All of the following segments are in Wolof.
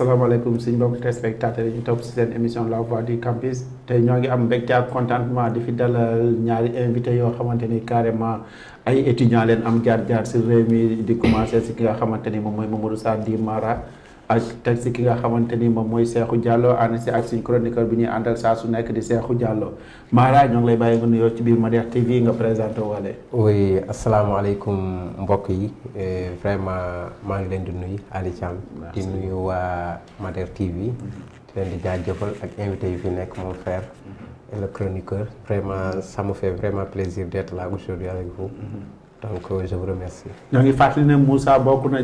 asalaamaaleykum suñ mbokk téléspectateurs yi ñu topp si seen émission la voix du campus te ñoo ngi am mbégte ak contentement di fi dalal ñaari invité yoo xamante ni carrément ay étudiants leen am jaar-jaar si réew mi di commencé si ki nga xamante ni moom mooy Mamadou Sadji Mara ak teg ki nga xamante ni moom mooy Cheikhou Diallo ànd si ak suñ chroniqueur bi ñuy àndal saa su nekk di Cheikhou Diallo Mara ñoo ngi lay bàyyi nga nuyoo ci biir Mader TV nga présenté wale oui mbokk yi eh, vraiment maa ngi leen di nuyu Ali Thiam di nuyu waa Mader TV di leen di jaajëfal ak invité yu fi nekk moom frère et samu fee vraiment ça me fait vraiment plaisir d'être là aujourd'hui avec vous mm-hmm. donc euh, je vous remercie. ñoo Moussa bokk na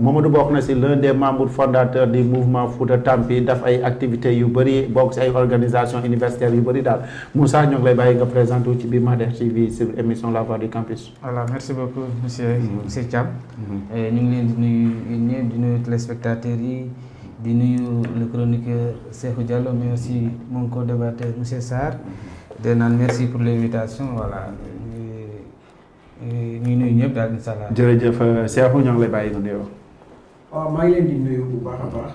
Mamadou Bokna, c'est l'un des membres fondateurs du mouvement Fouta Tampi daf ay activités yu bëri bokk universitaire ay organisations universitaires yu Moussa nous ngi lay bàyyi nga présenté wu ci biir TV sur émission La Voix du Campus. voilà merci beaucoup monsieur monsieur mm-hmm. Thiam. Mm-hmm. ñu ngi leen di nuyu di nuyu téléspectateurs yi di le chroniqueur Cheikhou Diallo mais aussi mon co-débatteur monsieur Sarr mm-hmm. de merci pour l'invitation voilà. ñuy nuyu ñëpp daal insha allah jërëjëf Cheikhou ñu ngi lay bàyyi nga nuyoo. waaw maa ngi leen di nuyu bu a baax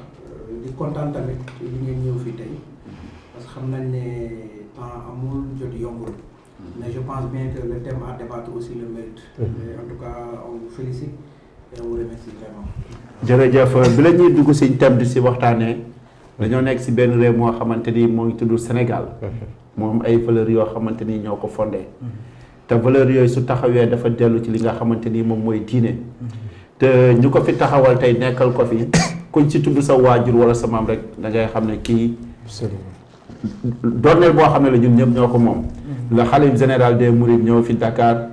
di kontaan tamit li ngeen ñëw fii tey amul jot yombul mais je pense bien que le thème a débattre aussi le mérite. en tout cas on vous félicite et on vous remercie vraiment. jërëjëf bi la ñuy dugg si thème di si waxtaanee. dañoo nekk si benn réew moo xamante ni moo ngi tudd Sénégal. moo am ay valeurs yoo xamante ni ñoo ko fondé. te valeur yooyu su taxawee dafa dellu ci li nga xamante ni moom mooy diine te ñu ko fi taxawal tey nekkal ko fi kuñ ci tudd sa waajur wala sa maam rek da ngay xam ne kii dooneel boo xam ne la ñun ñëpp ñoo ko moom mm-hmm. la xalif général des mourides ñëw fi Dakar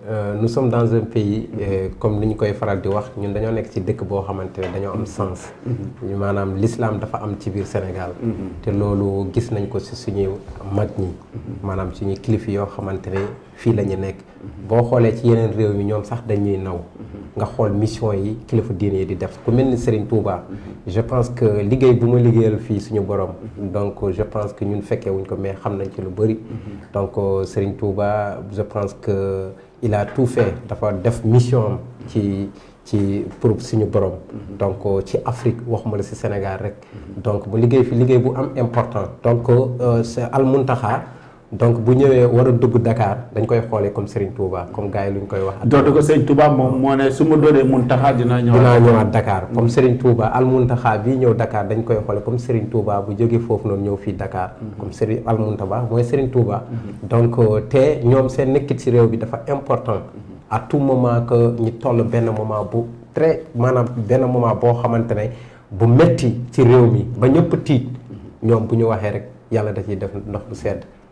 Euh, nous sommes dans un pays euh, comme ni ñu koy faral di wax ñun dañu nek ci dëkk bo xamantene dañu am sens. ñu mm-hmm. manam l'islam dafa am ci biir Sénégal. Mm-hmm. té lolu gis nañ ko ci suñuy mag ñi. Mm-hmm. maanaam suñuy kilifa yoo xamante ne fii la ñu nekk. boo ci yeneen réew yi ñom sax dañuy naw. nga xol mission yi kilifa diiné di def ku mel Serigne Touba. je pense que liguey bu ma liggéeyal fii suñu borom. donc je pense que ñun fekkee wuñ ko mais xam nañ ci lu bari donc Serigne Touba je pense que il a tout fait dafa def mission qui qui pour suñu borom. donc euh, ci Afrique ou la si Sénégal rek. Mhm. donc bu liggéey fi liggéey bu am important donc euh, euh, c'est Al Muntaha donc bu ñëwee war a dugg Dakar dañ koy xoolee comme Serigne Touba comme gars yi lu ñu koy wax. dootu ko Serigne Touba moom moo ne su ma doonee Muntaxa dinaa ñëwaat. dinaa ñëwaat Dakar comme Serigne Touba al Muntaxa bii ñëw Dakar dañ koy xoolee comme Serigne Touba bu jógee foofu noonu ñëw fii Dakar. Mhm. comme Serigne al Muntaxa mooy Serigne Touba. Mhm. donc euh, te ñoom seen nekkit ci réew bi dafa important. Mhm. à tout moment que ñu toll benn moment bu très maanaam benn moment boo xamante ne bu metti ci réew mi ba ñëpp tiit ñoom bu ñu waxee rek yàlla da ciy def ndox bu sedd.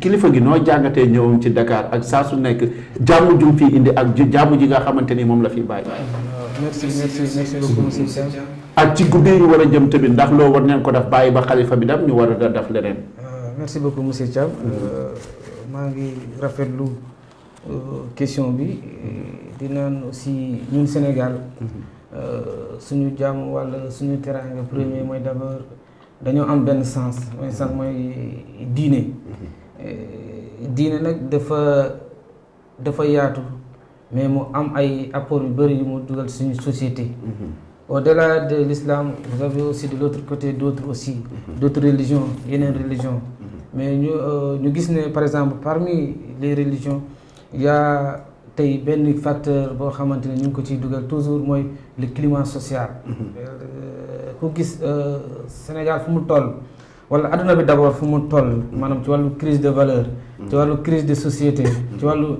kilifa gi noo jàngatee ñëwam ci Dakar ak saa su nekk jàmm ju fii indi ak jàmm ji nga xamante ni moom la fi bàyyi. merci merci merci beaucoup monsieur ak ci guddi ñu war jëm tamit loo war neen ko def bàyyi ba xalifa bi dam ñu war a def leneen. Euh, merci beaucoup monsieur Thiam. Euh, maa ngi rafetlu euh, question bi di naan aussi ñun Sénégal. Mhm. suñu jàmm walla suñu teraanga premier mooy d'abord dañoo am benn sens mooy sens mooy diine. Mhm. Eh, diine nag dafa dafa yaatu mais mu am ay apport yu bëri yu mu dugal suñu société mhm. au-delà de l'islam vous avez aussi de l'autre côté d'autres aussi mhm. d'autres religions yeneen religions mhm. mais ñu euh, ñu gis ne par exemple parmi les religions y a tey benn facteur boo xamante ne ñu ngi ko ciy dugal toujours mooy le climat social euh, ku gis euh, Sénégal fu mu toll wala adduna bi d'abord fu mu toll maanaam ci wàllu crise de valeur mm. ci wàllu crise de société mm. ci wàllu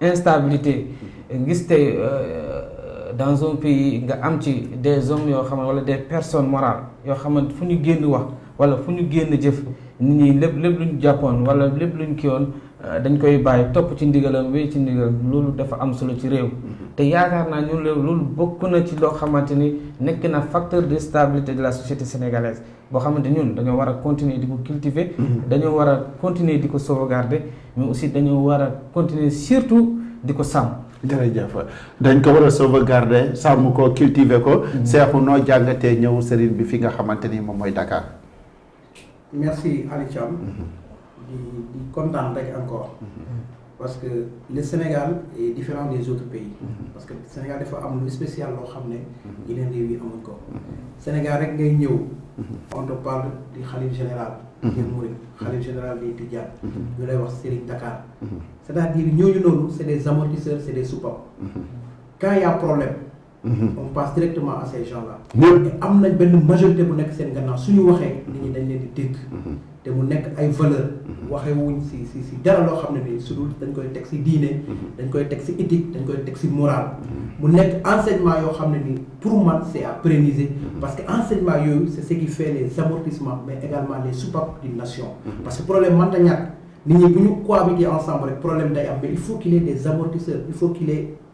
instabilité ngis tey euh, dans un pays nga am ci des hommes yoo xamante wala des personnes morales yoo xamante fu ñu génn wax wala fu ñu génn jëf nit ñi lépp lépp lu ñu jàppoon wala lépp luñ ñu kiwoon Euh, dañ koy bàyyi topp ci ndigalam wéy ci ndigalam loolu dafa am solo ci réew mm-hmm. te yaakaar naa ñun réew loolu bokk na ci loo xamante ni nekk na facteur de stabilité de la société sénégalaise boo xamante ñun dañoo war a continuer di ko cultiver mm-hmm. dañoo war a continuer di ko sauvegarder mais aussi dañoo war a continuer surtout di ko sàmm jërëjëf dañ ko war a sauvegarder sàmm ko cultiver ko mm-hmm. seexu noo jàngatee ñëw sëriñ bi fi nga xamante ni moom mooy dakaar merci Ali di di rek encore. parce que le Sénégal est différent des autres pays. parce que le Sénégal dafa am lu spécial lo xamné ne. yeneen réew yi amuñ ko. Sénégal rek ngay ñëw. on te parle du xalif général. des Mourid Khalid général des Tidianes. ñu lay wax Serigne Dakar. c'est-à-dire ñooñu noonu c'est des amortisseurs c'est des soupapes. quand il y a problème. on passe directement à ces gens-là. te am nañ majorité bu nek seen gannaaw suñu waxé nit ñi dañ leen di dégg te mu nekk ay valeur mhm. waxee wuñ si si si dara loo xam ne nii su dul dañ koy teg si diine mhm. dañ koy teg si éthique dañ koy teg si moral. Mhm. mu nekk enseignement yoo xam ne nii pour moi, c'est à préniser, parce que enseignement yooyu c' ce qui fait les amortissements mais également les soupapes d'une nation parce que problème man ñàkk nit ñi bu cohabiter ensemble avec problème day am mais il faut qu'il y ait des amortisseurs il faut qu'il y ait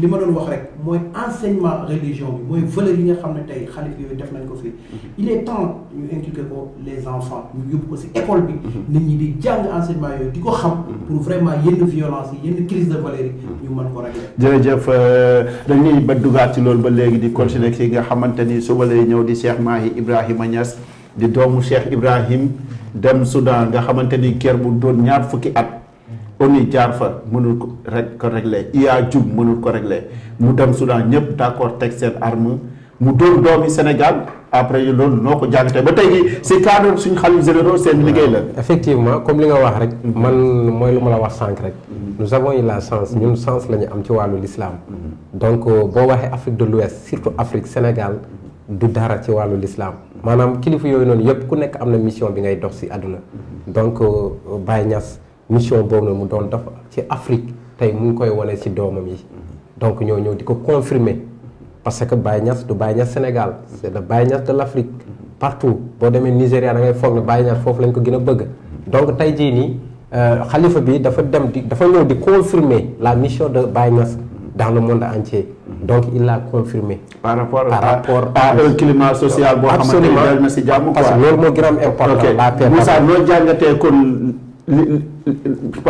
li ma doon wax rek mooy enseignement religion bi mooy valeur yi nga xam ne tey xalif yooyu def nañ ko fii mhm. il est temps ñu inculquer ko les enfants ñu yóbbu ko si école bi mhm. nit ñi di jàng enseignement yooyu di ko xam mhm. pour vraiment yenn violence yi yenn crise de valeur yi ñu mën ko régler jërëjëf euh, dañuy ba dugaat ci loolu ba léegi di continuer ki nga xamante ni suba lay ñëw di Cheikh Mahi Ibrahima Niass di doomu Cheikh Ibrahim dem Soudan nga xamante ni kër bu doon ñaar fukki at ONU jaar fa mënul ko rek ko réglé IA jub mënul ko réglé mu dem Soudan ñëpp d' teg seen arme mu dóor doomi Sénégal après loolu noo ko jàngatee ba tey jii si cadre suñu xalif généraux seen liggéey la. effectivement comme li nga wax rek. Mhm. man mooy lu ma la wax sànq rek. Mhm. nous avons eu la chance mhm. ñun chance la ñu am ci wàllu lislaam donc euh, boo waxee Afrique de l'Ouest surtout Afrique Sénégal du dara ci wàllu lislaam maanaam kilifa yooyu noonu yëpp ku nekk am na mission bi ngay dox si àdduna donc euh, Baye Niass. mission boobu mu don dafa ci Afrique tay mu ngi koy wane ci domam yi donc ñoo ñëw diko confirmer parce que Baye Niass du Baye Niass Sénégal c'est le Baye Niass de l'Afrique partout bo démé Nigéria da ngay foog ne Baye Niass foofu lañ ko gëna bëgg donc tey ni nii euh, xalifa bi dafa dem di dafa ñëw di confirmer la mission de Baye Niass dans le monde entier donc il l'a confirmé. par rapport par rapport à un climat social bo xamante ne dal na si jàmm. parce que lool mo gën a am important. la paix Moussa noo jàngatee kon. li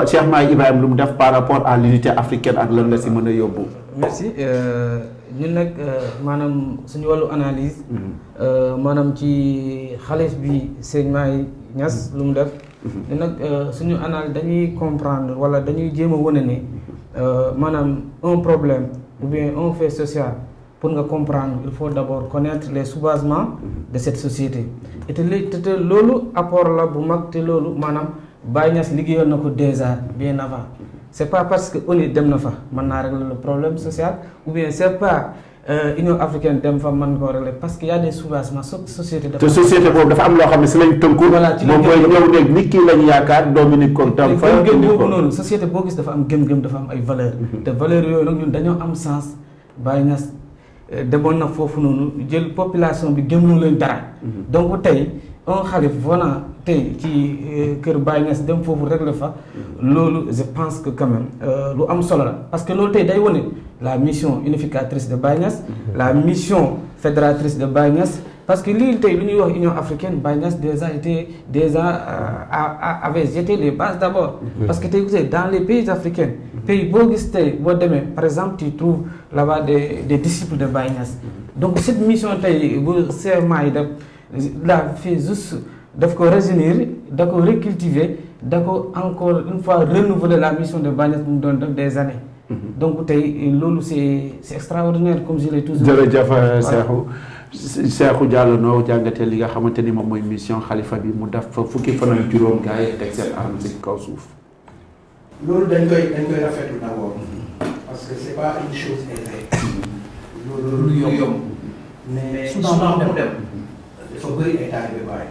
Cheikh Mahi Ibrahima lu mu def par rapport à l'unité africaine ak lan la si mën a yóbbu. merci euh, ñun nag euh, maanaam suñu wàllu analyse. Mhm. Euh, maanaam ci xalif bi sëñ Mahi ñas mhm. lu mu def. Mhm. ñun nag suñu analyse dañuy comprendre wala dañuy jéem a wane ne maanaam un problème ou bien un fait social. pour nga comprendre il faut d'abord connaître les sous-basements de cette société et te loolu apport la bu mag te loolu maanaam. Baye Niass nako déjà bien avant C'est pas parce que ONU dem na fa man na régler le problème social ou bien c'est pas euh Union africaine dem fa man ko régler parce qu'il y' a des soubassements société. dafa te société boobu dafa am lo xam ne si lañ tënku. voilà ci lañ moom nit ki lañ yaakaar Dominique nit fa gëm-gëm boobu société bo gis dafa am gem gem dafa am ay valeur mm-hmm. te valeur yoy nag ñun dañoo am sens Baye Niass euh, na fofu nonu jël population bi gëm leen dara. Mm-hmm. donc tay un xalif volant qui, que le Baye d'un dem vous vous fa je pense que quand même euh, parce que l'autre, tey la mission unificatrice de Bagnas, la mission fédératrice de Bagnas, parce que l'Union africaine Bagnas déjà était déjà euh, avait jeté les bases d'abord parce que dans les pays africains pays bogiste par exemple tu trouves là-bas des disciples de Bagnas. donc cette mission c'est bu la fait juste daf ko régénérer da ko recultiver da ko encore une fois renouveler la mission de Bagnès mu doon def des années. Mhm. donc tey loolu c' est extraordinaire comme je l' ai toujours. jërëjëf euh, Cheikhou Cheikhou Diallo noo jàngatee li nga xamante ni moom mooy mission xalifa bi mu def fukki fan ak juróom gars yi teg seen arme ci kaw suuf. loolu dañ koy dañ koy rafetlu d' abord parce que c' est pas une chose aisée. loolu lu yomb mais souvent mu dem dafa bëri ay taalibe bàyyi.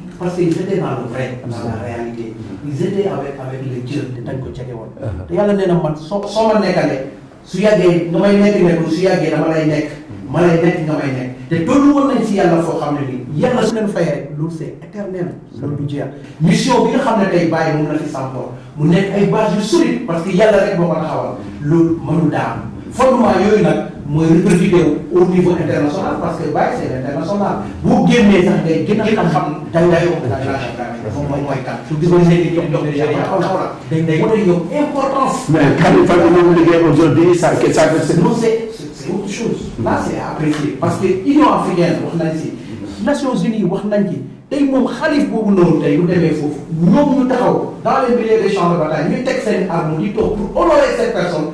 parce qu'ils étaient dans le vrai dans la réalité ils étaient avec avec le Dieu te dañ ko jege woon te yàlla nee na man soo soo ma nekkalee su yàggee nga may nekk nekkul su yàggee dama lay nekk ma lay nekk nga may nekk te tollu woon nañ si yàlla foo xam ne nii yàlla su leen fayee rek loolu c'est éternel loolu du jeex mission bi xam ne tey bàyyi moom la fi sampoo mu nekk ay base yu solide parce que yàlla rek moo ko taxawal loolu mënu daam fondement yooyu nag mooy répercuté au niveau international parce que Baye c'est international boo génnee sax day gën a xam-xam day dayoo moom mooy mooy kan su gis nga ni ñoom ñoom déjà xaw xaw la dañ day wane yow importance. mais Khalifa bi ñoom liggéey aujourd'hui ça ça non c'est c'est autre chose. Mm. là c'est apprécié parce que Union africaine wax nañ si. Nations Unies wax nañ ci tey moom xalif boobu noonu tey lu demee foofu ñoom ñu taxaw dans les milieux des champs de bataille ñu teg seen arme di toog pour honorer cette personne.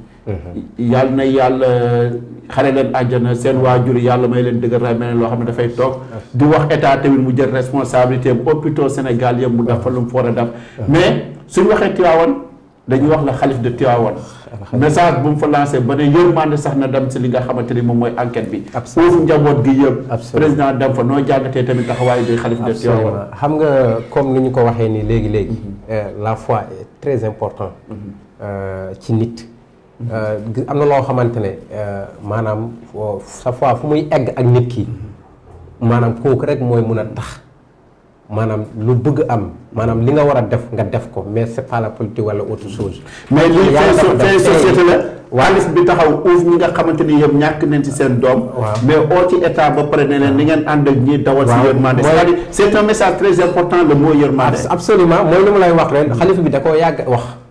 Mm-hmm. yàlla na yàlla xare leen na seen waajur yàlla may leen dëgg raay mel loo xam ne dafay toog di wax état tamit mu jël responsabilité bu hôpitaux Sénégal yëpp mu dafa lu mu a daf mais suñ waxee Tiwaawan dañuy wax la xalif de Tiwaawan message bu mu fa lancé ba ne yërmande sax na dem si li nga xamante ni moom enquête bi foofu njaboot gi yëpp président dem fa noo jàngatee tamit tax taxawaay bi xalif de Tiwaawan xam nga comme ni ñu ko waxee nii léegi-léegi mm-hmm. eh, la foi est très important mm-hmm. euh, ci nit Euh, am na loo xamante ne euh, maanaam euh, sa fois fu muy egg ak nit kii maanaam kooku rek mooy mun a tax maanaam lu bëgg am maanaam li nga war a def nga def ko mais c'est pas la politique wala autre chose. mais lii fin société la. waalis bi taxaw uuf ñi nga xamante ni yëpp ñàkk nañ ci seen doom. mais oo ci état ba pare ne leen ni ngeen ànd ak ñi dawal si yërmande. c'est-à-dire c'est un message très important le mot yërmande. absolument mooy lu mu lay wax leen xalifa bi da koo yàgg wax.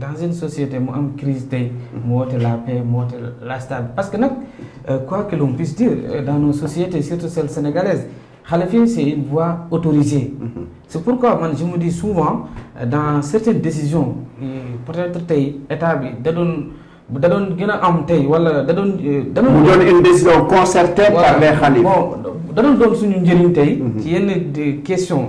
dans une société mu am crise tey mu woote la paix y a la stabilité parce que euh, quoi que l'on puisse dire euh, dans nos sociétés surtout celles sénégalaises Khalifa, c'est une voie autorisée. Mhm. C'est pourquoi je me dis souvent, euh, dans certaines décisions, peut-être y don une décision concertée par les Khalifes. Bon, a une mhm. questions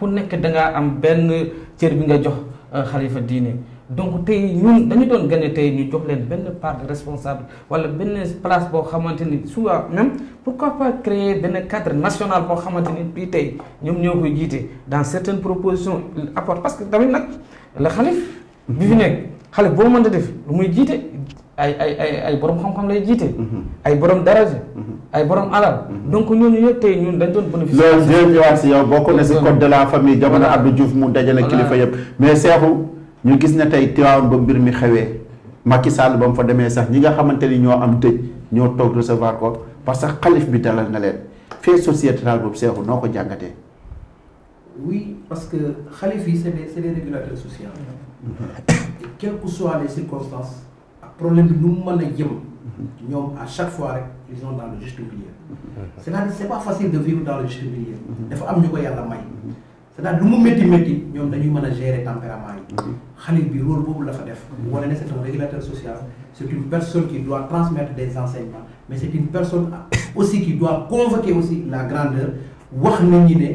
Eh, ku nekk da ngaa am benn cër bi nga jox xalifa diine donc tey ñun dañu doon gane tey ñu jox leen benn part responsable wala benn place boo xamante ni souvent même pourquoi pas créer benn cadre national boo xamante ni bii tey ñoom ñoo koy jiite dans certaines propositions apporte parce que tamit nag la xalif bi fi nekk xale boo mën a def lu muy jiite ay ay ay ay borom xam-xam lay jiite. Mhm. ay borom daraje mhm. ay borom alal. Mhm. donc ñooñu yëpp tey ñun dañ doon bénéficier. loolu jërëjëf ñëwaat si yow bokk na si code de la famille jamono Abdou Diouf mu na kilifa yëpp. mais Cheikhou ñu gis ne tey Tivaouane ba mbir mi xewee Macky Sall ba mu fa demee sax ñi nga xamante ni ñoo am tëj ñoo toog recevoir ko parce que xalif bi dalal na leen fait sociétal boobu Cheikhou noo ko jàngatee. oui parce que xalif yi c'est des c'est des régulateurs sociaux. quelles que soient les circonstances problème nous nu mu mën à chaque fois rek ils sont dans le juste milieu cest à c'est pas facile de vivre dans le juste milieu dafa am ñu ko yàlla may cest là nous lu mu métti métti ñoom dañuy mën gérer tempérament Khalil xalil bi rôle boobu la fa def wane ne c'est un régulateur social c'est une personne qui doit transmettre des enseignements mais c'est une personne aussi qui doit convoquer aussi la grandeur wax nit ne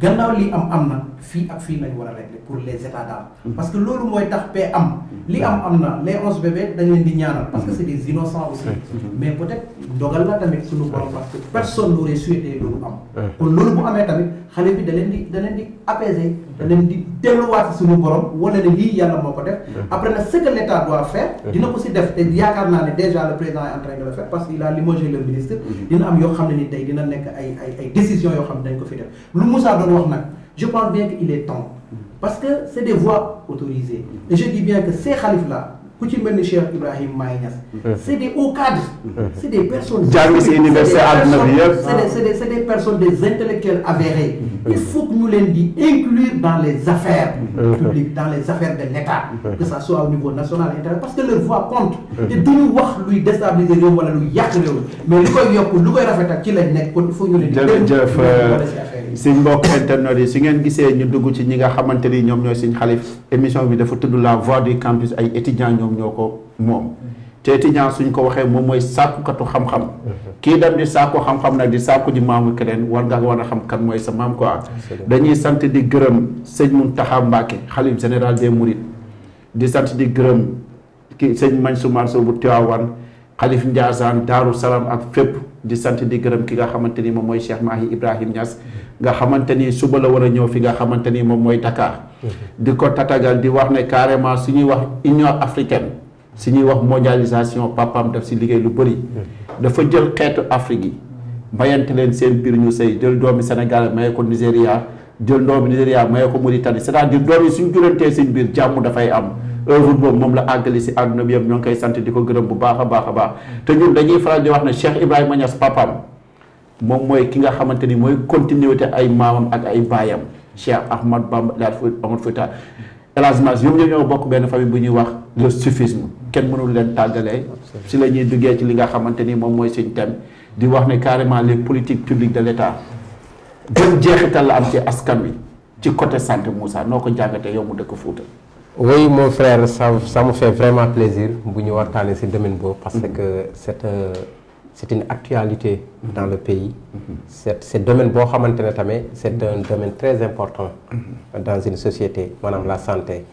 gannaaw li am amna fii ak fii lañ war régler pour les états d'âme mm. parce que loolu mooy tax paix am li am am les onze bébés dañ leen di ñaanal parce que mm. c'est des innocents aussi mm-hmm. mais peut-être dogal la tamit suñu borom parce que personne n'aurait souhaité loolu am kon loolu bu amee tamit xale bi da leen di da leen di apaiser da leen di delluwaat suñu borom wala ne lii yàlla moo ko def après nag ce que l'état doit faire dina ko si def te yaakaar naa ne déjà le président est en train de le faire parce qu'il a limogé le ministre mm-hmm. dina am yoo xam ne ni tey dina nekk ay ay ay décisions yoo xam ne dañ ko fi def lu Moussa doon wax nag je pense bien qu'il est temps. Parce que c'est des voix autorisées. Et je dis bien que ces khalifs-là, ku ci Cheikh Ibrahim Maye mm-hmm. C'est des hauts cadres. Mm-hmm. c'est des personnes. jàng si université àdduna C'est des des personnes des intellectuels avérés. Mm-hmm. il faut que nous les inclure dans les affaires. publiques dans les affaires de l'État, que ça soit au niveau national international parce que leur voix compte. de duñu wax luy déstabiliser réew wala luy yàq réew mais lu koy yokk lu koy rafetal ci lañ nekk kon il faut ñu leen di. jërëjëf si euh, mbokk internet yi su ngeen gisee ñu dugg ci ñi nga xamante ni ñoom ñooy suñu émission bi dafa tudd la voix du campus ay étudiants ñoom ñoo ko moom te étudiant suñ ko waxee moom mooy sàkkukatu xam-xam kii dem di sàkku xam-xam nag di sàkku di maamu keneen war nga war a xam kat mooy sa maam quoi dañuy sant di gërëm sëñ taxa Mbacké xalif général des Mourides di sant di gërëm ki sëñ su Mansour bu Tivaouane xalif Ndiassane Daaru Salaam ak fépp di sant di gërëm ki nga xamante ni moom mooy Cheikh Mahi Ibrahim Niass nga xamante ni suba la war a ñëw fi nga xamante ni moom mooy Dakar. di ko tatagal di wax ne carrément su ñuy wax Union africaine su ñuy wax mondialisation papam def si liggéey lu bëri. dafa jël xeetu Afrique yi. mayante leen seen biir ñu sëy jël doomi Sénégal maye ko Nigéria jël doomi Nigéria maye ko Mauritanie c'est-à-dire doom yi suñ jurantee seen biir jàmm dafay am. œuvre boobu moom la àggali si àdduna bi yëpp ñoo ngi koy sant di ko gërëm bu baax a baax a baax te ñun dañuy faral di wax ne Cheikh Ibrahima Niass papaam moom mooy ki nga xamante ni mooy continuité ay maamam ak ay baayam Cheikh Ahmad Bamba daal fu Ahmad Fouta El Hadj Mas ñoom ñoo bokk benn famille bu ñuy wax le soufisme kenn mënul leen tàggalee si la ñuy duggee ci li nga xamante ni moom mooy suñ thème di wax ne carrément les politiques publiques de l'État ban jeexital la am ci askan wi ci côté santé Moussa noo ko jàngatee yow mu dëkk Fouta Oui, mon frère, ça, ça me fait vraiment plaisir de ce domaine parce mm-hmm. que euh, c'est une actualité mm-hmm. dans le pays. Mm-hmm. Ce domaine c'est un domaine très important dans une société, la santé.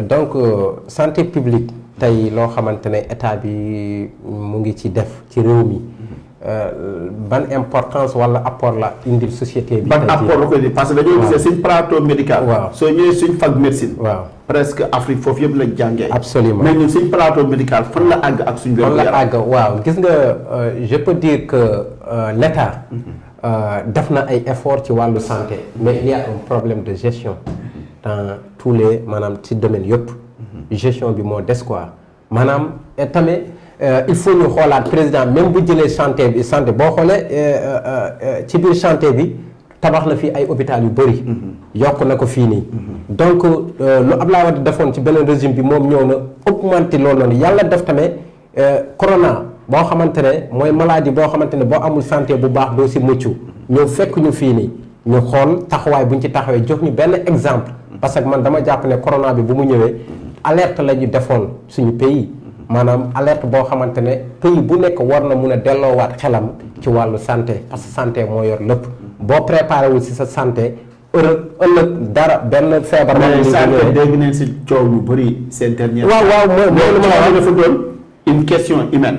Donc, la euh, santé publique, c'est ce que l'État a fait euh, euh, ban importance wala apport la indi société bi. ban apport parce que c'est gisee suñ plateau médical. so soo ñëwee fac médecine. presque Afrique foofu yëpp la jàngee. absolument mais ñun suñ plateau médical fan la ag ak suñ. wér la gis nga euh, je peux dire que l'état état. Mm-hmm. def na ay efforts ci walu santé. mais il y a un problème de gestion. dans tous les manam ci domaine yëpp. Mm-hmm. gestion bi moo des quoi maanaam tamit. Euh, il faut nous xoolaat président même bu jëlee santé bi santé bo euh, euh euh ci biir santé bi tabax na fi ay hôpital yu bari mm-hmm. yokk na ko fii nii. Mm-hmm. donc euh, lu Abdoulaye Wade defoon ci benen régime bi mom ñëw na augmenter loolu noonu yàlla def euh, corona bo xamante moy maladie bo xamante bo amul santé bu baax do ci muccu ñëw fekk ñu fii nii ñu xool taxaway buñ ci taxawé jox ñu benn exemple. parce que man dama japp né corona bi bu mu ñëwee mm-hmm. alerte lañu ñu suñu pays. maanaam alerte boo xamante ne pays bu nekk war na mun a delloowaat xelam ci wàllu santé parce que santé moo yor lépp boo préparé wul si sa santé ëllëg ëllëg dara benn feebar. mais santé dégg nañ si coow lu bëri seen dernier. waaw waaw mooy mooy lu ma la wax dafa doon une question humaine.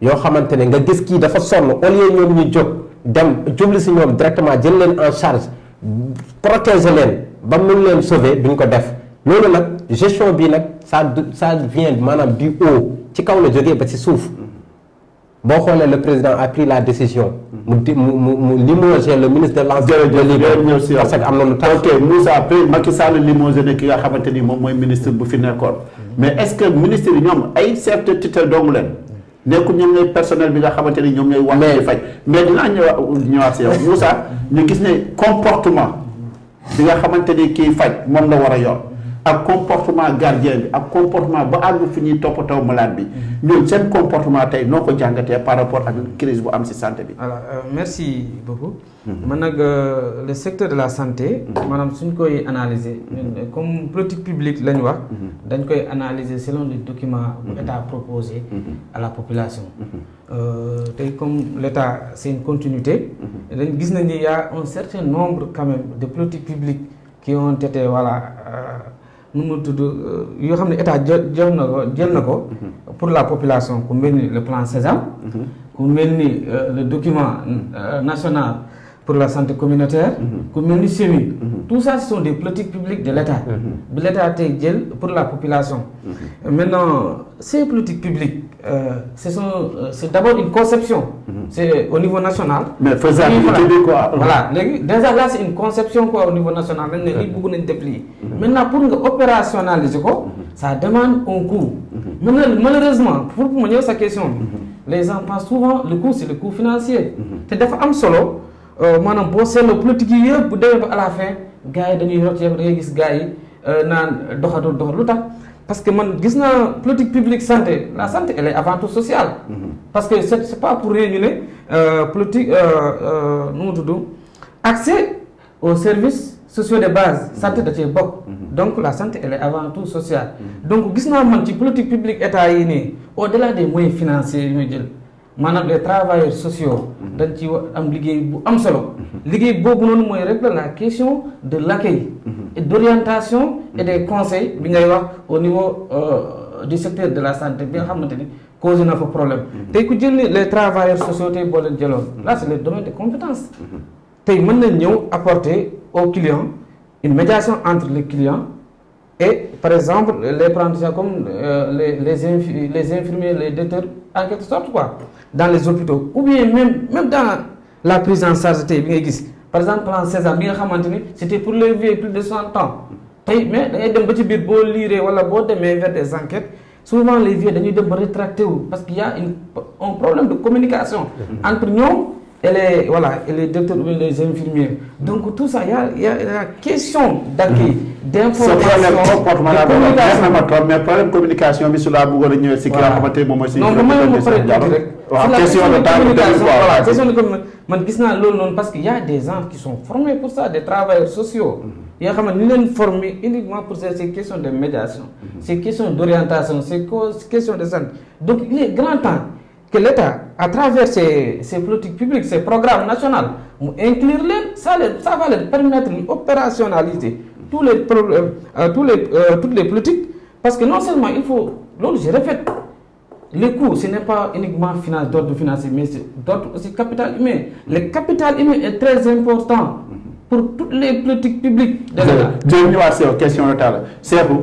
yo xamantene nga gis ki dafa sonn au lieu ñoom ñu jóg dem jubli ci ñom directement jël leen en charge protéger leen ba mu leen sauver duñ ko def lolu nak gestion bi nak ça ça vient manam du haut ci kaw la jógee ba ci souf bo xolé le président a pris la décision. mu mu mu limoger le ministre de l' enseignement. jërëjëf parce que am na lu tax. ok Moussa après Macky Sall limoger na ki nga xamante ni moom mooy ministre bu fi nekkoon. mais est ce que ministre ñom ay chef titre tutelle dong leen. nekkul ñoom ñooy personnel bi nga xamante ni ñoom ñooy wax di faj mais dinaa ñëwaat ñëwaat si yow Moussa ñu gis ne comportement bi nga xamante ni kii faj moom la war a yor comportement gardien à comportement ba nous finit ñuy malade bi. Mhm. comportement tey noo ko par rapport à ak crise bu am ci santé euh, merci beaucoup. Mhm. man euh, le secteur de la santé. Mhm. madame suñ koy analyser. comme politique publique lañ wax. dañ koy analysé selon les documents bu état proposé. à la population. Euh, tey comme l'état c'est une continuité. dañ gis y' a un certain nombre quand même de politiques publiques qui ont été voilà nous, euh, nous, mhm. pour la population pour le plan Sésame mhm. euh, le document euh, national pour la santé communautaire comme mhm. une mhm. mhm. tout ça ce sont des politiques publiques de l'État de l'État a été pour la population maintenant ces politiques publiques euh, ce sont euh, c'est d'abord une conception c'est au niveau national mais faisable quoi voilà hein. déjà c'est une conception quoi au niveau national mais maintenant pour nga opérationnaliser ça demande un coût malheureusement pour me dire sa question les gens pensent souvent le coût c'est le coût financier C'est dafa am solo euh, maanaam boo seetloo politique yi yëpp bu demee ba à la fin gars yi dañuy rocceeku da ngay gis gars yi euh, naan doxatul doxal lu tax parce que man gis naa politique publique santé la santé elle est avant tout sociale. Mhm. parce que c'est n'est pas pour rien ñu euh, politique nu mu tudd accès aux services sociaux de base santé da cee mhm. donc la santé elle est avant tout sociale. Mhm. donc gis naa man ci politique publique état yi nii au delà des moyens financiers yu jël maanaam les travailleurs sociaux mhm. dañ ci am liguey bu am solo mhm. liguey bobu non moy la question de l'accueil mhm. et d'orientation et des conseils bi ngay wax au niveau euh, du secteur de la santé bi nga xamante na fa problème tay ku jël les travailleurs sociaux tey boo leen jëloon là c'est le domaine de compétence tey mën ñëw apporter au client une médiation entre les clients et par exemple les prendre comme euh, les, les, infirmiers, les infirmiers, les docteurs, en quelque sorte quoi dans les hôpitaux ou bien même même dans la prise en charge par exemple pendant 16 ans c'était pour les vieux plus de 100 ans mais il y a des petits biir boo liiree des enquêtes souvent les vieux dañuy dem ba parce qu'il y a une un problème de communication mhm. entre nous elle est, voilà, elle est docteur les infirmiers. Donc tout ça, il y, a la question d'accueil, mhm. d'information. de ah, la de a Question Parce qu'il y a des gens qui sont formés pour ça, des travailleurs sociaux. Il y a quand même uniquement pour ces questions de médiation, mhm. ces questions d'orientation, ces questions de santé. Donc il est grand temps que l'État, à travers ses, politiques publiques, ses programmes nationaux, inclure les, ça, ça va leur permettre d'opérationnaliser tous les, problèmes, euh, tous les euh, toutes les politiques. Parce que non seulement il faut, l'autre, je répète, les coûts, ce n'est pas uniquement d'ordre financier, mais c'est aussi capital humain. Le capital humain est très important pour toutes les politiques publiques de question Je vais aux vous.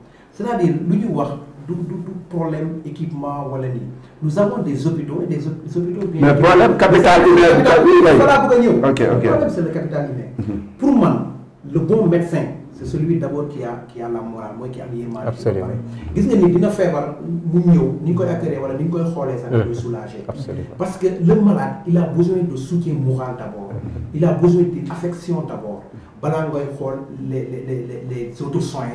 C'est-à-dire, nous problème équipement wala ni nous avons des hôpitaux et des hôpitaux bien mais problème capital humain voilà OK OK le problème c'est le capital humain mhm. pour moi le bon médecin c'est celui d'abord qui a qui a la morale moi qui a bien mal absolument gis nga ni dina fébar mieux. ñew ni koy accueillir wala ni koy xolé ça le soulager absolument parce que le malade il a besoin de soutien moral d'abord mhm. il a besoin d'affection d'abord balangoy ngoy les les les les auto soins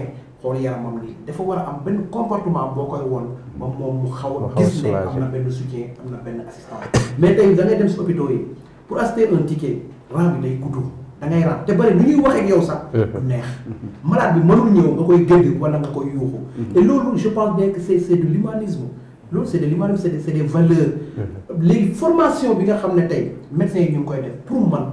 xool yaramam li dafa war a am benn comportement boo koy woon moom moom mu xaw a gis ne am na benn soutien am na benn assistance mais tey da ngay dem si hôpitaux yi pour acheter un ticket rang bi day gudd da ngay rang te bëri ni ñuy wax ak yow sax du neex malade bi mënul ñëw nga koy gëdd wala nga koy yuuxu et loolu je pense bien que c'est c'est de l'humanisme loolu c'est de l'humanisme c'est des valeurs léegi formation bi nga xam ne tey médecins yi ñu ngi koy def pour man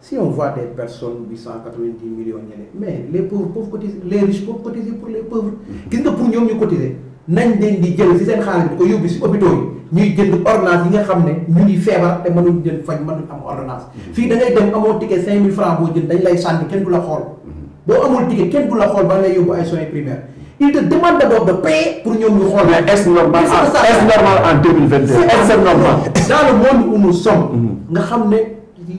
Si on voit des personnes 890 millions, mais les pauvres pauvres cotisent, les riches pauvres cotisent pour les pauvres. Qu'est-ce que pour nous mieux cotiser Nañ leen di jël ci seen xaalis ko yóbbu ci hôpitaux yi ñuy jënd ordonnance yi nga xam ne ñu ngi feebar te mënuñ jënd faj mënuñ am ordonnance. Mm-hmm. fii da ngay dem amoo ticket 5000 francs boo jënd dañ lay sànni kenn du la xool. Mm-hmm. boo amul ticket kenn du la xool ba lay yóbbu ay soins primaires. il te demande d'abord de payer pour ñoom ñu xool. mais est-ce normal en est-ce normal en 2022. est-ce normal dans le monde où nous sommes. Mm-hmm. nga xam ne.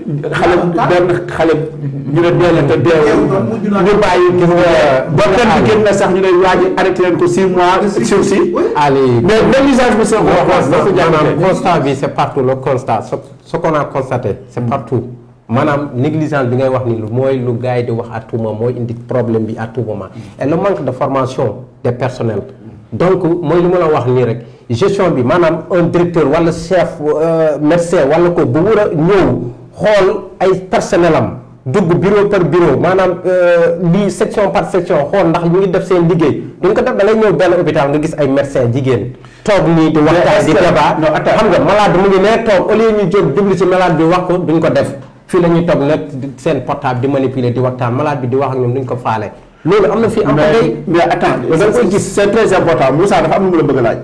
xale ben xale ñu ne dee na te ñu bàyyi gis nga docteur bi génn na sax ñu ne waji ji arrêté leen ko 6 mois sur si allez mais même usage bi soo ko maanaam constat bi c'est partout le constat ce qu'on a constaté c'est hmm. partout manam négligence bi ngay wax ni moy lu gaay di wax à tout moment mooy indi problème bi à tout moment et le manque de formation des personnels donc moy li la wax ni rek gestion bi manam un directeur wala chef euh, médecin wala ko bu wura a xool ay personnel am dugg bureau par bureau maanaam euh, lii section par section xool ndax ñu ngi def seen liggéey duñ ko def da ngay ñëw benn hôpital nga gis ay médecin jigéen toog nii di waxtaan di débat xam nga malade mu ngi ne toog au lieu ñu jóg ci malade bi wax ko duñ ko def fii la ñuy toog nag seen portable di manipuler di waxtaan malade bi di wax ak ñoom duñ ko faale loolu am na fii am na day mais attends da nga koy gis c'est très important dafa am lu mu la bëgg a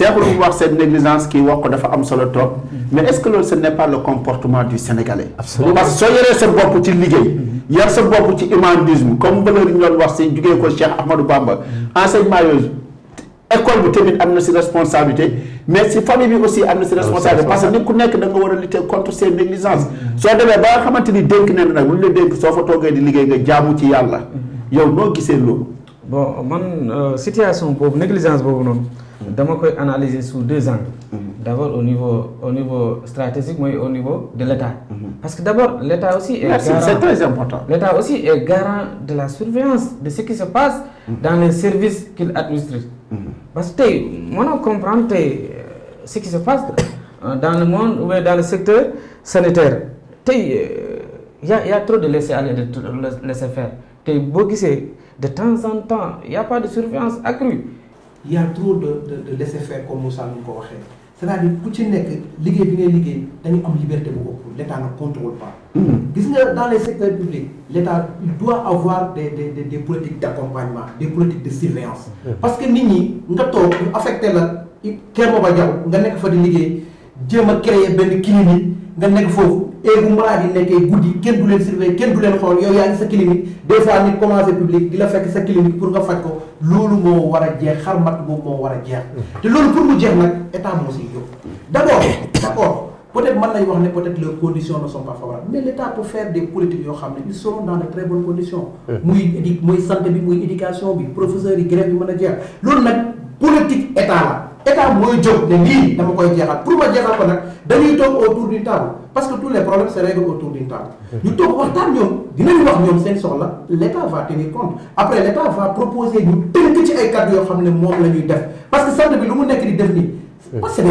à lu de voir cette négligence qui wax de dafa am solo top mais est-ce que ce n'est pas le comportement du Sénégalais parce que ce n'est pas ci petit yar ce comme vous ñu wax Cheikh Ahmadou Bamba enseignement école l'école responsabilité mais si famille aussi responsabilité parce que nous, ku les da nga lutter contre ces négligences ba les ne fa il di a un jaamu ci bon man euh, situation négligence Mm-hmm. on vais analyser sous deux angles. Mm-hmm. D'abord, au niveau au niveau stratégique mais au niveau de l'État. Mm-hmm. parce que d'abord, l'État aussi. est garant très important. L'État aussi est garant de la surveillance de ce qui se passe. dans les services qu'il administre. parce que moi, on comprend euh, ce qui se passe euh, dans le monde ou dans le secteur sanitaire Il euh, y' a y' a trop de laisser aller de laisser faire de temps en temps il n'y a pas de surveillance accrue il y a trop de de laisser faire comme Moussa mi c'est-à-dire que ci nek liguey bi ngay liguey am liberté l'État ne contrôle pas. Mm-hmm. dans les secteurs publics l'État doit avoir des politiques d'accompagnement des politiques de surveillance. Mm-hmm. parce que nit ñi nga ñu affecté la Kër Baba nga nek fa di liguey jéem créer ben clinique et vous kenn kenn yow public la sa clinique pour nga ko a xarmat mm. te pour état d' peut être wax ne peut être les conditions ne sont pas favorables mais l'état peut faire des politiques yoo xam ils seront dans de très bonnes conditions. Mm. muy muy santé bi éducation professeurs grève a politique état la. état mooy jóg ne lii dama koy jeexal pour ma jeexal ko nag dañuy toog autour d'une parce que tous les problèmes se règlent autour d'une table ñu toog waxtaan ñoom dinañu wax ñoom seen soxla l' état va compte après l' état proposer ñu tënk ci ay kàddu yoo xam ne moom la ñuy def parce que centre bi lu mu nekk di def nii parce que c'est des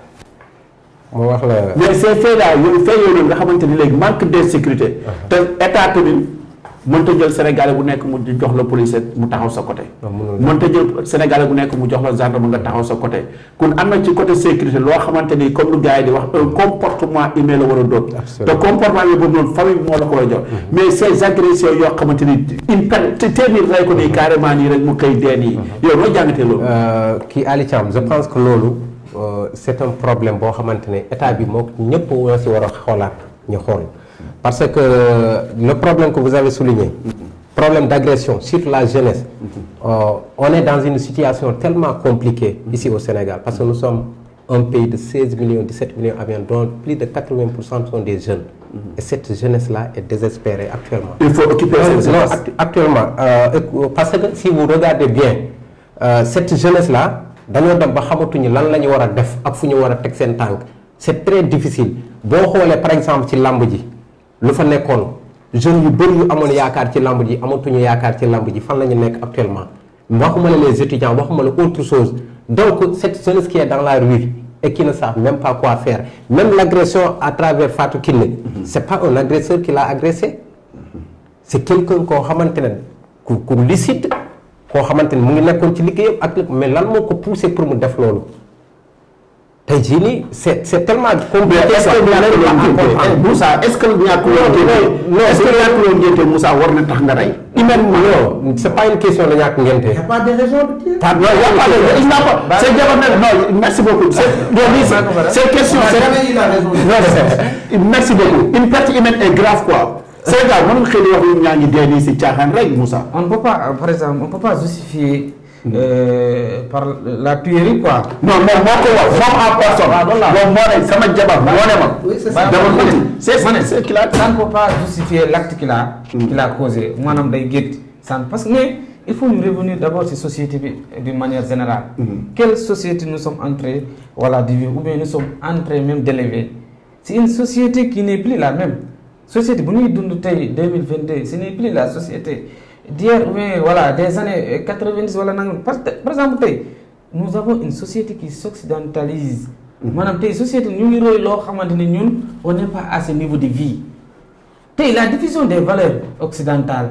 mu wax la mais ces faits là yow faits yooyu nga xamante ni léegi manque de sécurité. Uh-huh. te état tamit mënta jël sénégalais bu nekk mu jox la police mu taxaw sa côté. mënta jël sénégalais bu nekk mu jox la gendarme nga taxaw sa côté. kon am na ci côté sécurité loo xamante ni comme lu gars yi di wax un comportement humain la war a doon. te comportement bi boobu noonu famille moo la ko war a jox. Uh-huh. mais ces agressions yoo xamante ni une peine te téeméer rey ko nii uh-huh. carrément nii rek mu xëy dee nii. yow noo jàngatee loolu. Euh, kii Ali Thiam je pense que loolu. Euh, c'est un problème bon maintenant état bi mok parce que euh, le problème que vous avez souligné problème d'agression sur la jeunesse euh, on est dans une situation tellement compliquée ici au Sénégal parce que nous sommes un pays de 16 millions 17 millions habitants dont plus de 80% sont des jeunes et cette jeunesse-là est désespérée actuellement il faut occuper cette jeunesse actuellement parce que si vous regardez bien cette jeunesse-là dañoo dem ba xamatuñu lan la ñu war a def ak fu ñu war a teg seen tànk c'est très difficile boo xoolee par exemple ci lamb ji lu fa nekkoon jeunes yu bëri yu amoon yaakaar ci lamb ji amatuñu yaakaar ci lamb ji fan la ñu nekk actuellement waxuma la les étudiants waxuma la autre chose donc cette jeunesse qui est dans la rue et qui ne savent même pas quoi faire même l'agression à travers Fatou Kiné mm-hmm. c'est pas un agresseur qui l'a agressé mm-hmm. c'est quelqu'un koo xamante ne ku ku licite koo xamante ni mu ngi nekkoon ci liggéeyam ak lépp mais lan moo ko poussé pour mu def loolu tey jii nii c'est c'est tellement compliqué est-ce que ñàkk Moussa ce que ñàkk loon est-ce que ñàkk loon ngénte Moussa war na tax nga rey humainement non c'est pas une question la ñàkk ngénte il a pas de raison c'est jabar na non merci question c'est merci beaucoup une perte humaine est Sénégal on peut pas par exemple on peut pas justifier. Hmm. Euh, par la tuerie quoi. non non, moi quoi, wax moom en personne. waaw ah, voilà moom moo c'est ça c'est ça ne peut pas justifier l'acte qu'il a. Hmm. a causé moi day gétt parce que il faut nous revenir d'abord sur la société de manière générale. Hmm. quelle société nous sommes entrés voilà ou bien nous sommes entrés même d'élever c'est une société qui n'est plus la même société bu ñuy dund 2022 ce n'est plus la société d'hier mais voilà des années 90 wala nangam parce que par exemple nous avons une société qui s'occidentalise mhm. maanaam tey société ñu ngi roy loo xamante ñun on n'est pas à ce niveau de vie la diffusion des valeurs occidentales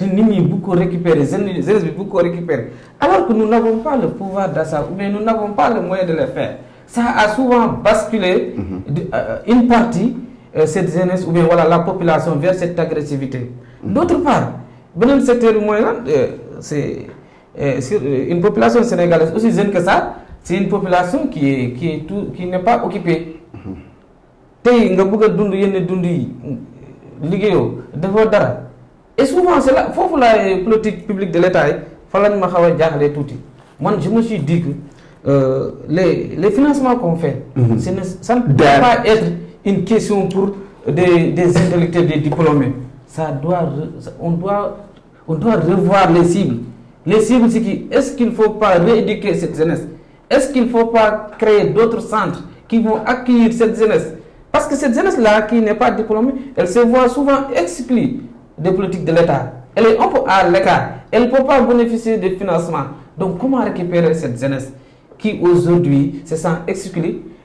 nous nit ñi bu ko récupérer jeunesse bi récupérer alors que nous n'avons pas le pouvoir d'achat ou bien nous n'avons pas le moyen de le faire ça a souvent basculé mhm. euh, une partie euh, cette jeunesse ou bien voilà la population vers cette agressivité. Mm-hmm. D'autre part euh, c'est euh, une population sénégalaise aussi jeune que ça c'est une population qui qui n'est pas occupée. Mm-hmm. Tay nga bëgg dund yenn dund yi dara et souvent c'est faut que la politique publique de l'État fasse fa lañ ma je me suis dit que les les financements qu'on fait. Mm-hmm. ne ça ne peut pas être une question pour des, intellectuels, des diplômés. Ça doit, on, doit, on doit revoir les cibles. Les cibles, c'est qui Est-ce qu'il ne faut pas rééduquer cette jeunesse Est-ce qu'il ne faut pas créer d'autres centres qui vont accueillir cette jeunesse Parce que cette jeunesse-là, qui n'est pas diplômée, elle se voit souvent exclue des politiques de l'État. Elle est à l'écart. Elle ne peut pas bénéficier de financement. Donc, comment récupérer cette jeunesse qui aujourd'hui se sent exclue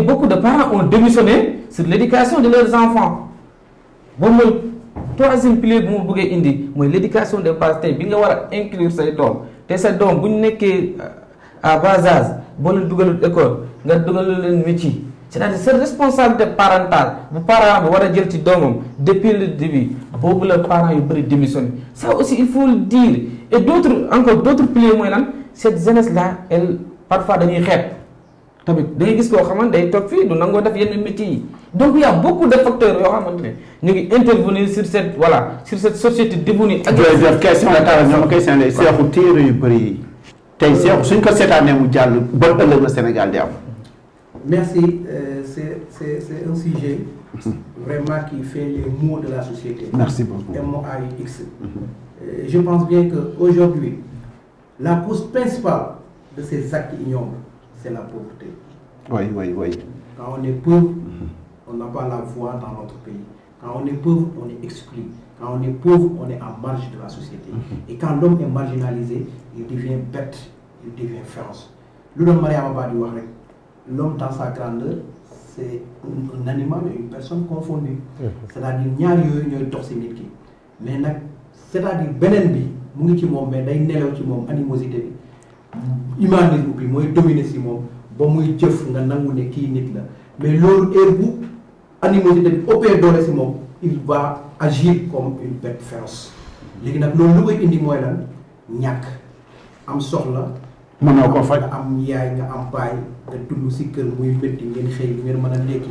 beaucoup de parents ont démissionné sur l'éducation de leurs enfants. Bon, le troisième pilier que indi l'éducation de base tey bi nga inclure Cet homme, Et ces que bu ñu euh, à bas âge boo à l'école, école nga dugalul à métier c'est-à-dire responsabilité parentale Vos parents bi dire a jël ci depuis le début boobu la parents ont démissionné ça aussi il faut le dire et d'autres encore d'autres piliers cette jeunesse là elle parfois dañuy rêve tamit day gis koo xamante day toog fii du nangoo def yenn métiers yi donc y' a beaucoup de facteurs yoo xamante ne ñu ngi intervenir sur cette voilà sur cette société démunie. ak jërëjëf question la taal ñoom question la seexu téere yu bëri yi tey seexu suñ ko seetaanee mu jàll ban ëllëg la Sénégal di am. merci euh, c'est c'est c'est un sujet vraiment qui fait les maux de la société. merci beaucoup MOAUX. Euh, je pense bien que aujourd'hui la cause principale de ces actes ignobles c'est la pauvreté. Oui, oui, oui. Quand on est pauvre, mhm. on n'a pas la voix dans notre pays. Quand on est pauvre, on est exclu. Quand on est pauvre, on est en marge de la société. Mhm. Et quand l'homme est marginalisé, il devient bête, il devient féroce. L'homme dans sa grandeur, c'est un animal et une personne confondue. C'est-à-dire, il y a une toxicité. Mais c'est-à-dire, Benen bi, mu ngi ci humanisme bi mooy dominer si moom ba muy jëf nga nangu ne kii nit la mais loolu heure bu animosité bi ëppee doole si moom il va agir comme une bête féroce léegi nag loolu lu koy indi mooy lan ñàkk am soxla mënoo ko faj am yaay nga am baay nga dund si kër muy métti ngeen xëy bi ngeen man a lekki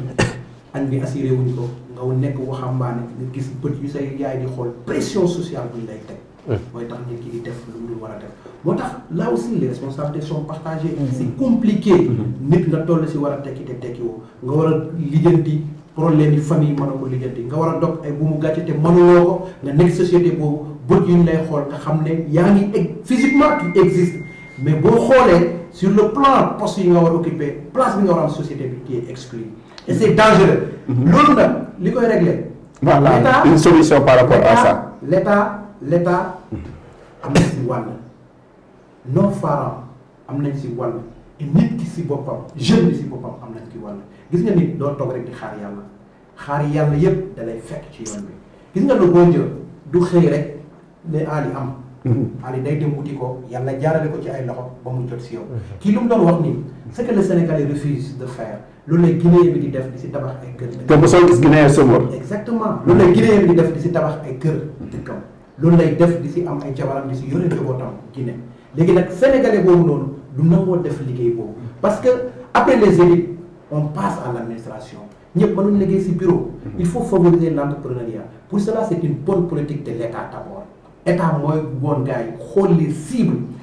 añ bi assuré wuñ ko nga nekk waxambaane nga gis bët yu say yaay di xool pression sociale buñ lay teg Euh. mooy tax nit ki def lu mu dul def moo tax là aussi les responsabilités sont partagées mm-hmm. c'est compliqué mm-hmm. nit nga toll si war a tekki te tekki woo nga war a lijjanti problème yi famille mën a ko lijjanti nga war a dog ay bu mu gàcce te mënuloo ko nga nekk société boobu bët yu ñu lay xool nga xam ne yaa ngi physiquement tu existe mais boo xoolee sur le plan poste yi nga war a occupé place bi nga war a société bi qui est exclu et c'est dangereux mm-hmm. loolu nag li koy régler voilà une solution par rapport à ça l'état l'état am ci wal wàll fara parents am nañ si wàll nit ki si boppam jeune ci bopam boppam am nañ si wàll gis nga nit do tok rek di xaar yalla xaar yalla yeb dalay fekk ci yoon bi gis nga lu bon Dieu du xëy rek ne Ali am. Ali day dem wuti ko yalla jaarale ko ci ay loxo ba mu jot ci yow. Mm-hmm. ki lu mu doon wax ni ce que le Sénégalais refuse de faire loolu lay Guinée bi di def di si tabax ay kër. te mosoo gis Guinée sa exactement loolu lay Guinée bi di def di si tabax ay kër dëkkam loolu lay def di si am ay jabaram di si yore ki Guinée léegi nag sénégalais boobu noonu du nangoo def liggéey boobu parce que après les élites on passe à l'administration ñëpp mënuñ liggéey si bureau il faut favoriser l'entrepreneuriat pour cela c'est une bonne politique de l'état d'abord état mooy bon gars yi xool les cibles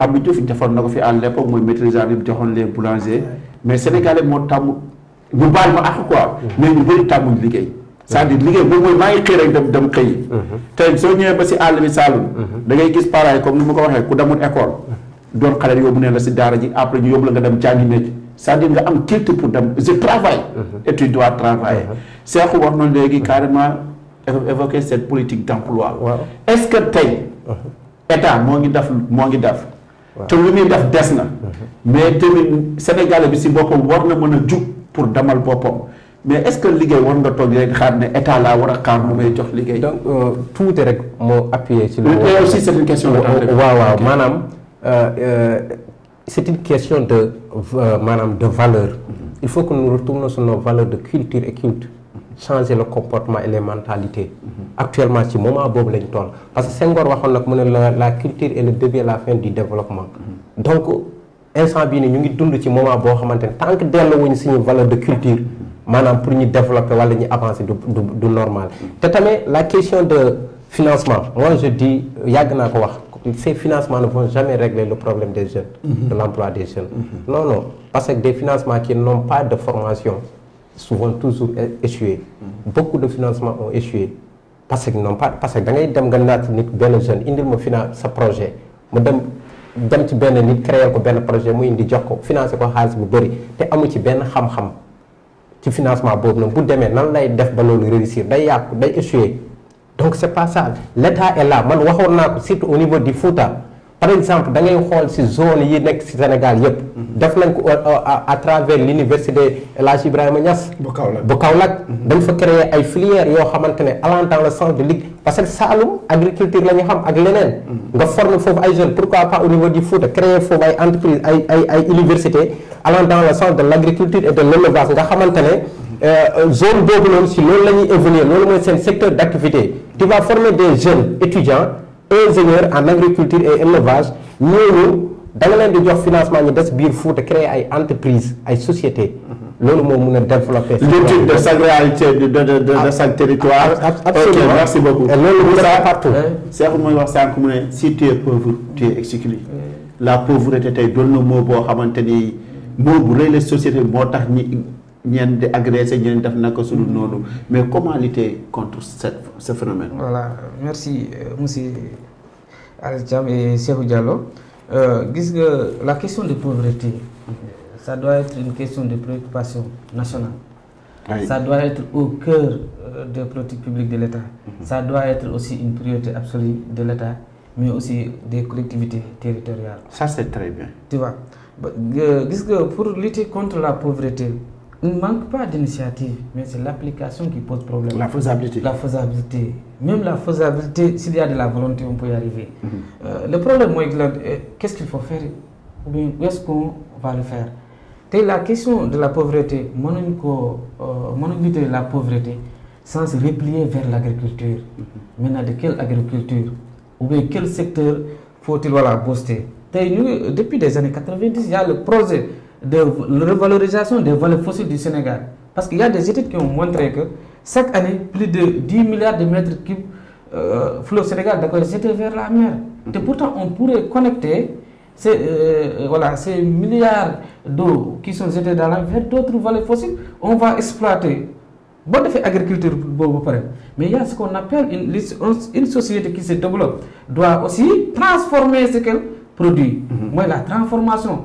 Abdou Diouf defoon na ko fi à l'époque moy maîtrisant bi joxoon les boulangers mais sénégalais mo tàmm ñu baal ma ak quoi mais ñu bëri tàmmuñ liggéey c'est-à-dire liggéey boobu mooy maa ngi xëy rek dem dem xey tay so ñëwee ba ci àll bi Saloum da ngay gis paray comme ni ma ko waxee ku demul école doon xalé yóbbu ne la ci dara ji après ñu yóbbu la nga dem jàngi nekk c'est-à-dire nga am culture pour dem je travaille et tu dois travailler Cheikh wax non léegi carrément évoquer cette politique d'emploi est-ce que tay uh-huh. état mo ngi daf mo ngi daf tout lu muy def des na. Mhm. mais le Sénégalais bi si boppam war na mën a pour Damal bopom mais est-ce que liggéey war nga toog rek xaar état laa war a xaar mu may jox liggéey. donc euh, tuuti rek moo appuyer. ci loolu aussi c'est une question de waaw Euh, euh, c'est une question de euh, maanaam de valeur. Mhm. il faut que nous retournions sur nos valeurs de culture et culture changer le comportement et les mentalités actuellement ci moment où lañ toll parce que Senghor waxoon nag que la culture est le début et la fin du développement donc instant sang, nous ñu ngi dund ci moment tant que avons une valeur de culture maintenant, pour nous développer wala avancer du normal la question de financement moi je dis que ces financements ne vont jamais régler le problème des jeunes de l'emploi des jeunes non non parce que des financements qui n'ont pas de formation souvent toujours e- échoué. Mm-hmm. Beaucoup de financements ont échoué. parce que non pas parce que da ngay dem nga naat nit benn jeune indil ma finance sa projet mu dem dem ci benn nit créer ko benn projet mu indi jox ko financer ko xaalis bu bëri te amu ci benn xam-xam ci financement Si nag bu demee nan lay def ba loolu réussir day yàqu day échouer donc c'est pas ça l'État est là man waxoon naa au niveau du Fouta par exemple da ngay xool si zone yi nek ci Sénégal yépp def nañ ko euh, euh, à travers l'université université El Ibrahima Niass. bu Kaolack bu Kaolack. Mhm. dañ fa créer ay filières yo xamante ne allant le centre de ligue parce que Saloum agriculture lañu xam ak leneen. Mhm. nga forme fofu ay jeunes pourquoi pas au niveau du foot créer foofu ay entreprise ay ay ay université allant dans le centre de l'agriculture et de l'élevage nga xamante ne euh, zone bobu non si loolu lañuy ñuy évoluer loolu mooy seen secteur d'activité activité. tu vas former des jeunes étudiants ingénieur en agriculture et élevage nous da nga leen di jox financement ñu des biir Fuuta créer ay entreprise ay société mhm. loolu mo mëna a développer. l'étude de sa réalité de de de sa territoire. Ah, ah, absolument merci beaucoup. loolu mun na partout hein? cheikh moy wax sànq mu ne si tu es pauvre tu es exclu. la pauvreté tay doon mo bo xamanteni mo bu rëy société motax ñi def sulu mais comment lutter contre ce phénomène voilà merci euh, monsieur al et Cheikh Diallo euh, la question de pauvreté ça doit être une question de préoccupation nationale ça doit être au cœur euh, des politiques publiques de l'État mhm. ça doit être aussi une priorité absolue de l'État mais aussi des collectivités territoriales ça c'est très bien tu vois pour lutter contre la pauvreté il ne manque pas d'initiative, mais c'est l'application qui pose problème. La faisabilité. La faisabilité. Même la faisabilité, s'il y a de la volonté, on peut y arriver. Mhm. Euh, le problème, moi, euh, qu'est-ce qu'il faut faire Ou bien, où est-ce qu'on va le faire la question de la pauvreté, mon euh, de la pauvreté, sans se replier vers l'agriculture. Mais mhm. Maintenant, de quelle agriculture Ou bien, quel secteur faut-il voilà, booster Depuis les années 90, il y a le projet de revalorisation des valeurs fossiles du Sénégal. Parce qu'il y a des études qui ont montré que chaque année, plus de 10 milliards de mètres cubes flottent euh, flot Sénégal d'accord jetés vers la mer. Et mm-hmm. pourtant, on pourrait connecter ces, euh, euh, voilà, ces milliards d'eau qui sont jetés dans la mer vers d'autres voies fossiles. On va exploiter. Bon, de fait, agriculture, mais il y a ce qu'on appelle une, une société qui se développe, doit aussi transformer ce qu'elle produit. Mm-hmm. Moi, la transformation.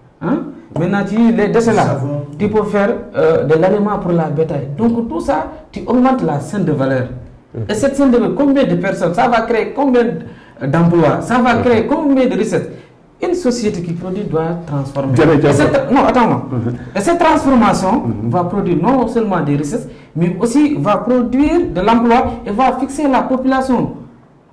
Hein? Maintenant, tu, tu peux faire euh, de l'aliment pour la bétail. Donc, tout ça, tu augmentes la scène de valeur. Hum. Et cette scène de valeur, combien de personnes Ça va créer combien d'emplois Ça va créer combien de recettes Une société qui produit doit transformer. Et cette, non, hum, hum. Et cette transformation va produire non seulement des recettes, mais aussi va produire de l'emploi et va fixer la population.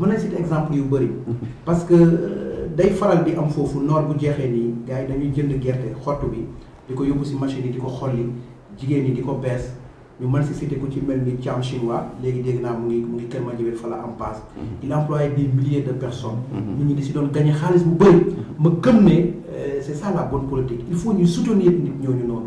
mën a citer exemple yu bëri. parce que euh, day faral di am foofu noor bu jeexee nii gars yi dañuy jënd gerte xottu bi di ko yóbbu si machine yi di ko xolli jigéen ñi di ko bees ñu mën si cité ku ci mel ni Thiam chinois léegi dégg naa mu ngi mu ngi Kër Madiabel fa la am passe. Mhm. il employé des milliers de personnes. ñu mhm. ñi di si doon gagné xaalis bu bëri. Mhm. ma gëm ne euh, c'est ça la bonne politique il faut ñu soutenir nit ñooñu noonu.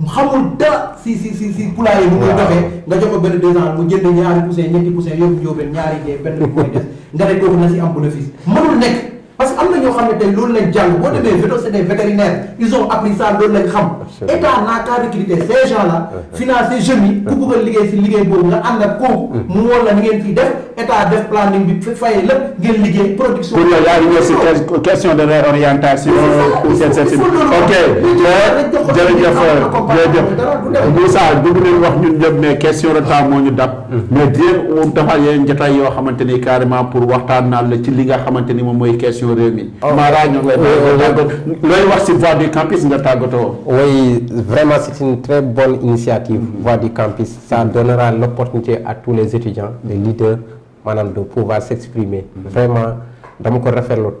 mu xamul dara si si si si poulailler yi. bu doxee nga jox ko benn deux ans mu jënd ñaari poussin ñetti poussin yóbbu njóobeen ñaari dee benn bi mooy des nga ne kooku na si am bénéfice. mënul nekk parce am na ñoo xam ne tey loolu lañ jàng boo demee mm-hmm. véto c'est des vétérinaires ils ont appris loolu lañ xam. état n'a qu'à recruter ces gens là. Mm-hmm. financer jeunes ku bëgg liggéey si liggéey boobu nga ànd ak kooku. Mm-hmm. mu wóor la ni ngeen fiy def. état de planning bi fi fayee lépp ngeen liggéey production. pour yow yaa ngi ñëw question de réorientation. ou seen cette ok jërëjëf jërëjëf Moussa bëgg nañ wax ñun ñëpp mais question de temps mo ñu dab. Hmm. mais dinañ defal yeneen jotaay yo xamante ni carrément pour waxtaan naan la ci li nga xamante ni moom question réew mi. Oh. Mara ñu ngi lay wax ci voix du campus nga tagoto oui vraiment c'est une très bonne initiative voix du campus ça donnera l'opportunité à tous les étudiants les leaders Madame de pouvoir s'exprimer vraiment dama faire l'autre.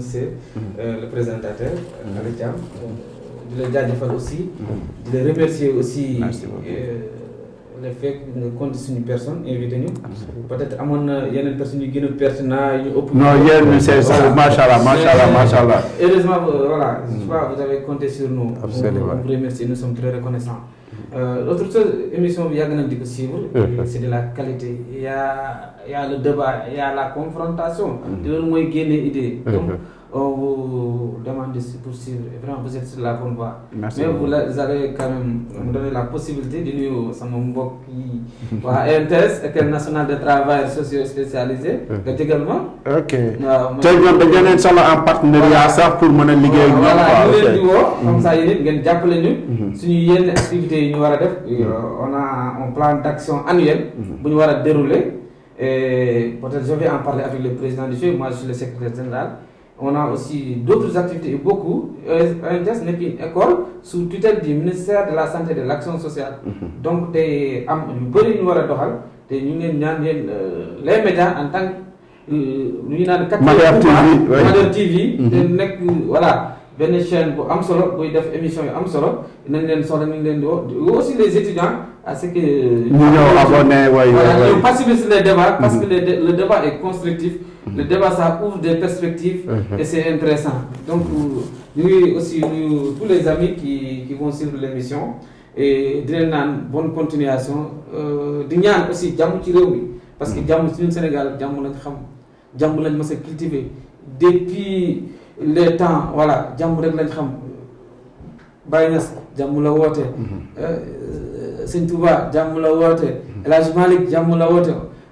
Mhm. Euh, le présentateur mhm. le Thiam di le aussi de mhm. remercier aussi euh, le fait que nga compte une personne invité nous. peut-être à mon yeneen personnes yu gën a pertinent personne non c'est ça macha allah macha heureusement voilà vous avez compté sur nous. absolument vous remercier nous sommes très reconnaissants. Euh, l'autre chose émission bi yàgg nañ di ko suivre. c' est de la qualité y' a y' a la confrontation. te loolu mooy génne idée. on oh, vous demande de poursuivre. Vraiment, vous êtes sur la bonne voie. Merci. Mais vous, avez allez quand même me donner la possibilité de nous, ça m'embok qui va RTS, le nationale de travail socio spécialisé, euh. également. Ok. Tey ñoom dañ leen un en partenariat pour mener a voilà ñu comme mm-hmm. ça il y a une ñu. Mm-hmm. Si yenn nous yi a def. Mm-hmm. Euh, on a un plan d'action annuel. pour nous war dérouler. et peut-être je vais en parler avec le président du FIU moi je suis le secrétaire général on a aussi d'autres activités beaucoup. Euh, n'est école sous tutelle du ministère de la Santé et de l'Action sociale. Mhm. Donc, des euh, les médias en tant que euh, TV mhm. voilà Ben chaîne am solo émission aussi les étudiants à ce que. les débats. parce mhm. que le débat est constructif. Mhm. le débat ça ouvre des perspectives mhm. et c'est intéressant donc nous aussi nous, tous les amis qui qui vont suivre l'émission et di bonne continuation euh, di aussi jàmm ci parce que mhm. jàmm ci ñun Sénégal jàmm lañ xam jàmm lañ mës depuis les temps voilà jàmm rek lañ xam Baye Niass jàmm la woote euh, Sëñ Touba jàmm la woote El la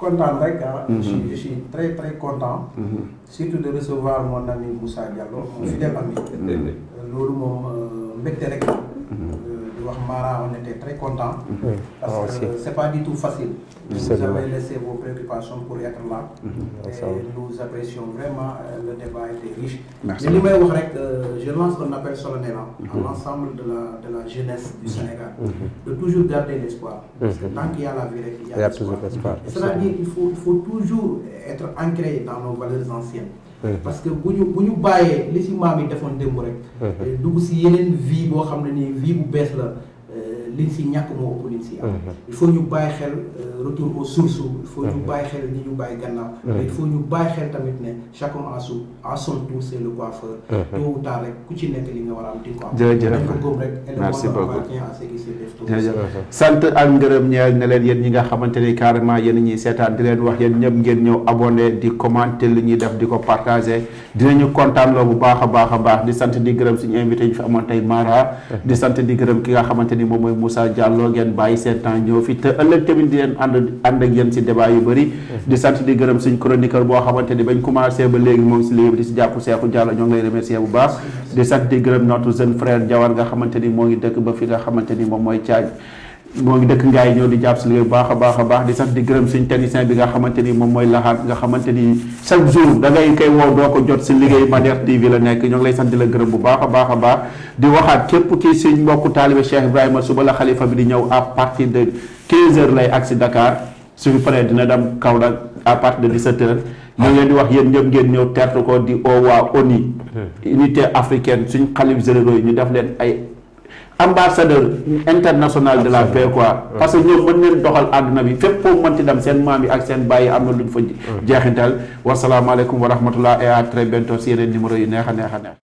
Ah. Mhm. je suis très très content. Mhm. surtout de recevoir mon ami Moussa Diallo. mon fidèle ami. le mom mbekté rek. Mara on était très contents. Mhm. parce ah, c'est pas du tout facile. vous avez laissé vos préoccupations pour être là. Mhm. et nous apprécions vraiment euh, le débat était riche. mais nous, euh, je lance un appel solennel hein, à mhm. l'ensemble de la jeunesse du Sénégal. de toujours garder l'espoir. tant qu'il y a la vérité il y a l'espoir. Cela dit, qu'il il faut toujours être ancré dans nos valeurs anciennes. Mhm. parce que bu ñu bu ñu bàyyee li si maam yi defoon démb rek. Mhm. dugg si yeneen vie boo xam ne nii vie bu bees la. liñ si mhm. ñu bàyyi xel euh, retour aux sources. il faut ñu mhm. bàyyi ñu bàyyi gannaaw. Mhm. mais il faut ñu bàyyi xel tamit ne chacun ku ci nekk li nga a am di ko am. jërëjëf merci beaucoup jërëjëf sant ak ngërëm ñeel ne ñi nga xamante ni carrément yéen ñuy seetaan di leen wax yéen ñëpp ngeen ñëw abonné di commenter li ñuy def di ko partagé dinañu kontaan loo bu baax a baax a baax di sant di gërëm suñu invité ñu fi amoon tey Mara di sant di gërëm ki nga xamante moom mooy Moussa Diallo ngeen bàyyi seen temps ñëw fi te ëllëg tamit di leen ànd ànd ak yéen si débat yu bëri di sant di gërëm suñ chroniqueur boo xamante ni bañ commencé ba léegi moom si liggéey bi di si jàpp Seexu Diallo ñoo ngi lay remercier bu baax di sant di gërëm notre jeune frère Jawar nga xamante ni moo ngi dëkk ba fi nga xamante ni moom mooy Thiagne moo ngi dëkk ngaay ñëw di jàpp si liggéey bu baax a baax a baax di sax di gërëm suñ technicien bi nga xamante ni moom mooy laxaat nga xamante ni chaque jour da ngay woo doo ko jot si liggéey Mader TV la nekk ñoo ngi lay sant di la gërëm bu baax a baax a baax di waxaat képp kii suñ mbokku taalibe Cheikh Ibrahima suba la xalifa bi di ñëw à partir de 15 heures lay agsi Dakar suñu paree dina dem Kaolack à partir de 17 heures ñoo leen di wax yéen ñëpp ngeen ñëw tertu ko di oo waa ONU hmm. unité africaine suñ xalif généraux ñu def leen ay ambassadeur international de la paix quoi parce que ñoom mën neen doxal àdduna bi fépp foo mënti dem seen maam yi ak seen bàyyi am na lu ñu fa jeexintal wasalaamaaleykum wa rahmatullah et à très bientôt si yeneen numéro yu neex a neex a neex